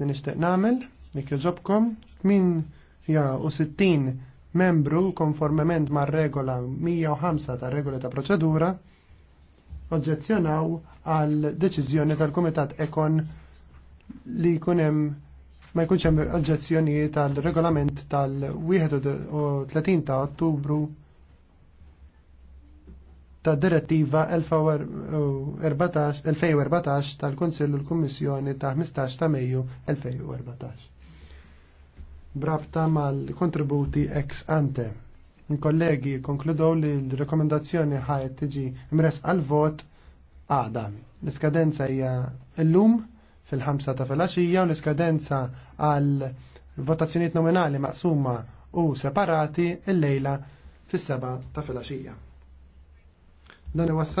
li nixtieq nagħmel jekk jogħġobkom min ja u 60 membru konformement mar-regola 105 ta' regola ta' proċedura oġġezzjonaw għal deċiżjoni tal-Kumitat Ekon li jkun hemm ma jkunx hemm oġġezzjonijiet tal regolament tal-31 ta' Ottubru ta' direttiva 2014 tal-Konsillu l-Kummissjoni ta' 15 ta' Mejju 2014. Brabta mal-kontributi ex ante. Il-kollegi konkludow li l-rekomendazzjoni ħajt tiġi imres għal-vot għada. L-iskadenza hija l-lum fil-5 ta' filgħaxija u l-iskadenza għal votazzjonijiet nominali maqsuma u separati il lejla fis-7 ta' filgħaxija. Dan iwassal